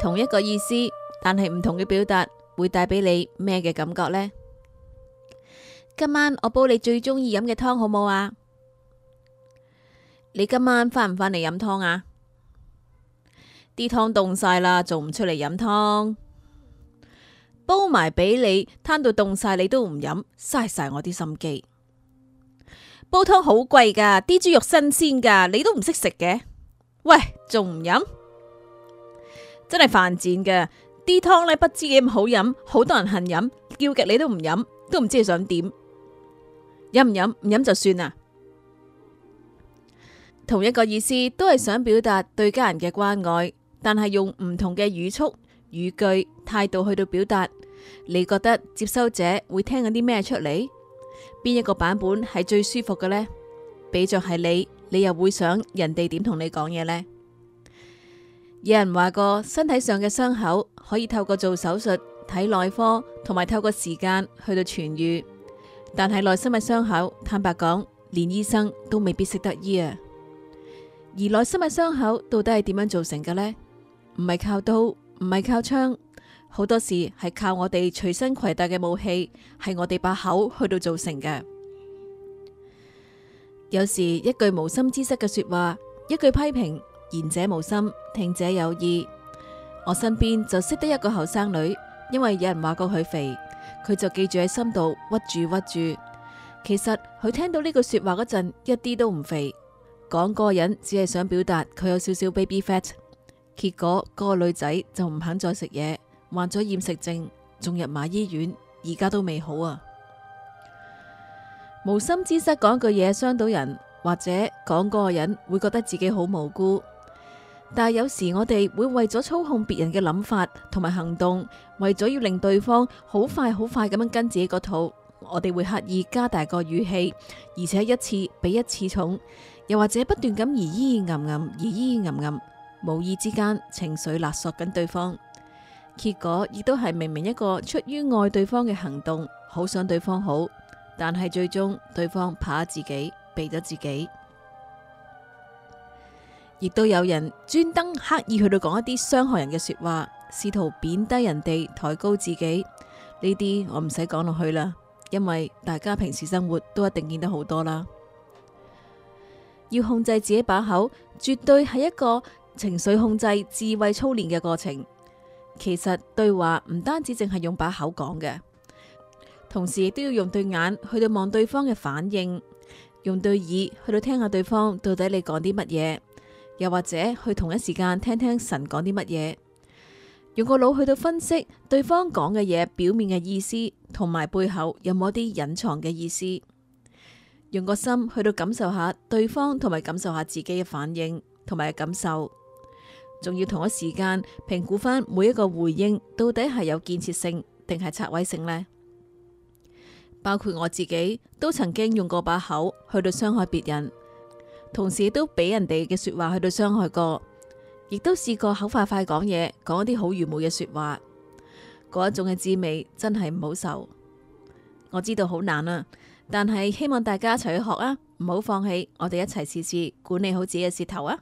同一個意思，但係唔同嘅表達會帶俾你咩嘅感覺呢？今晚我煲你最中意飲嘅湯好冇啊！你今晚返唔返嚟飲湯啊？啲湯凍晒啦，仲唔出嚟飲湯？煲埋俾你，攤到凍晒你都唔飲，嘥晒我啲心機。煲湯好貴噶，啲豬肉新鮮噶，你都唔識食嘅？喂，仲唔飲？真係犯賤嘅，啲湯咧不知幾咁好飲，好多人恨飲，叫極你都唔飲，都唔知你想點，飲唔飲唔飲就算啦。同一個意思，都係想表達對家人嘅關愛，但係用唔同嘅語速、語句、態度去到表達，你覺得接收者會聽緊啲咩出嚟？邊一個版本係最舒服嘅呢？比着係你，你又會想人哋點同你講嘢呢？有人話過，身體上嘅傷口可以透過做手術、睇內科，同埋透過時間去到痊愈。但係內心嘅傷口，坦白講，連醫生都未必識得醫啊。而內心嘅傷口到底係點樣造成嘅呢？唔係靠刀，唔係靠槍，好多時係靠我哋隨身携帶嘅武器，係我哋把口去到造成嘅。有時一句無心之失嘅說話，一句批評。言者無心，聽者有意。我身邊就識得一個後生女，因為有人話過佢肥，佢就記住喺心度屈住屈住。其實佢聽到呢句說話嗰陣，一啲都唔肥。講個人只係想表達佢有少少 baby fat，結果嗰個女仔就唔肯再食嘢，患咗厭食症，仲入埋醫院，而家都未好啊。無心之失講句嘢傷到人，或者講嗰個人會覺得自己好無辜。但係有時我哋會為咗操控別人嘅諗法同埋行動，為咗要令對方好快好快咁樣跟自己個套。我哋會刻意加大個語氣，而且一次比一次重，又或者不斷咁而依依暗暗而依依暗暗，無意之間情緒勒索緊對方，結果亦都係明明一個出於愛對方嘅行動，好想對方好，但係最終對方怕自己，避咗自己。亦都有人專登刻意去到講一啲傷害人嘅說話，試圖貶低人哋，抬高自己。呢啲我唔使講落去啦，因為大家平時生活都一定見得好多啦。要控制自己把口，絕對係一個情緒控制、智慧操練嘅過程。其實對話唔單止淨係用把口講嘅，同時亦都要用對眼去到望對方嘅反應，用對耳去到聽下對方到底你講啲乜嘢。又或者去同一時間聽聽神講啲乜嘢，用個腦去到分析對方講嘅嘢表面嘅意思，同埋背後有冇啲隱藏嘅意思？用個心去到感受下對方，同埋感受下自己嘅反應同埋感受，仲要同一時間評估翻每一個回應到底係有建設性定係拆毀性呢？包括我自己都曾經用過把口去到傷害別人。同時都俾人哋嘅說話去到傷害過，亦都試過口快快講嘢，講一啲好愚昧嘅說話，嗰一種嘅滋味真係唔好受。我知道好難啊，但係希望大家一齊去學啊，唔好放棄，我哋一齊試試管理好自己嘅舌頭啊！